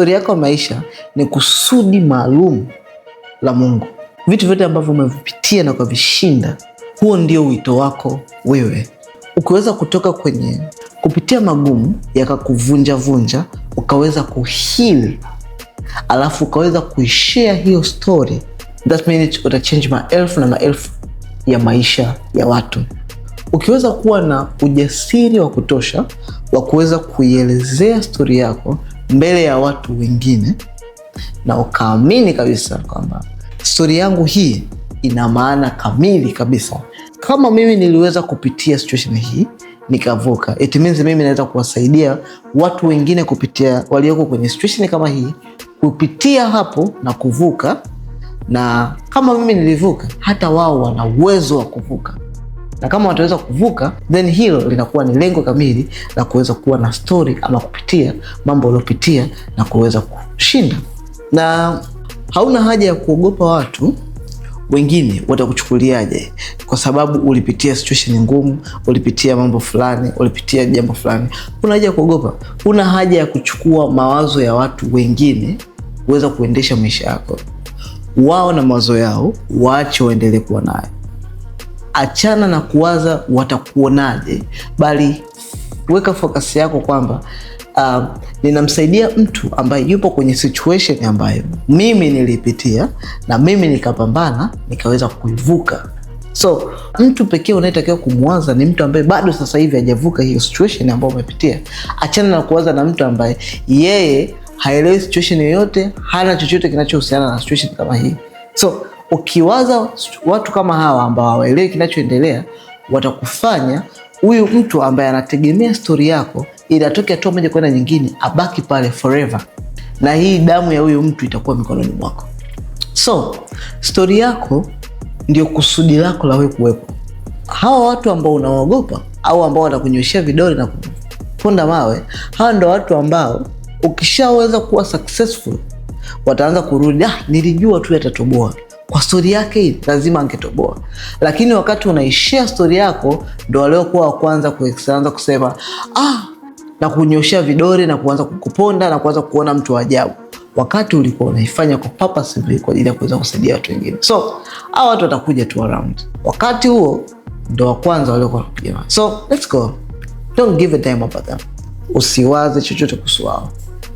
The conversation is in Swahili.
Stori yako ya maisha ni kusudi maalum la Mungu. Vitu vyote ambavyo umevipitia na ukavishinda, huo ndio wito wako wewe. Ukiweza kutoka kwenye kupitia magumu yakakuvunjavunja, ukaweza kuhili, alafu ukaweza kuishea hiyo stori, that means utachange maelfu na maelfu ya maisha ya watu. Ukiweza kuwa na ujasiri wa kutosha wa kuweza kuielezea stori yako mbele ya watu wengine na ukaamini kabisa kwamba stori yangu hii ina maana kamili kabisa. Kama mimi niliweza kupitia situation hii nikavuka, it means mimi naweza kuwasaidia watu wengine kupitia walioko kwenye situation kama hii kupitia hapo na kuvuka, na kama mimi nilivuka, hata wao wana uwezo wa kuvuka na kama wataweza kuvuka, then hilo linakuwa ni lengo kamili la kuweza kuwa na stori ama kupitia mambo waliopitia na kuweza kushinda, na hauna haja ya kuogopa watu wengine watakuchukuliaje, kwa sababu ulipitia situation ngumu, ulipitia mambo fulani, ulipitia jambo fulani. Huna haja ya kuogopa, huna haja ya kuchukua mawazo ya watu wengine kuweza kuendesha maisha yako. Wao na mawazo yao, waache waendelee kuwa nayo achana na kuwaza watakuonaje, bali weka fokasi yako kwamba uh, ninamsaidia mtu ambaye yupo kwenye situation ambayo mimi nilipitia na mimi nikapambana nikaweza kuivuka. So mtu pekee unayetakiwa kumwaza ni mtu ambaye bado sasa hivi hajavuka hiyo situation ambayo umepitia. Achana na kuwaza na mtu ambaye yeye haelewi situation yoyote, hana chochote kinachohusiana na situation kama hii so ukiwaza watu kama hawa ambao hawaelewi kinachoendelea, watakufanya huyu mtu ambaye anategemea stori yako ili atoke hatua moja kwenda nyingine abaki pale forever, na hii damu ya huyu mtu itakuwa mikononi mwako. So stori yako ndio kusudi lako la wewe kuwepo. Hawa watu ambao unawaogopa au ambao wanakunyoshea vidole na kuponda mawe, hawa ndo watu ambao ukishaweza kuwa successful wataanza kurudi, ah, nilijua tu yatatoboa kwa stori yake hii lazima angetoboa, lakini wakati unaishia stori yako ndo waliokuwa wa kwanza kuanza kusema ah, na kunyoshea vidore na kuanza kukuponda na kuanza kuona mtu wa ajabu, wakati ulikuwa unaifanya kwa purpose kwa ajili ya kuweza kusaidia watu wengine. So hao watu watakuja tu around, wakati huo ndo wa kwanza waliokuwa wanakuja. So let's go, don't give a damn about them, usiwaze chochote kuhusu wao.